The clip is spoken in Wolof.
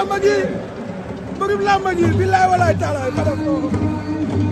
làmba ji mbërum làmba ji billaay ma def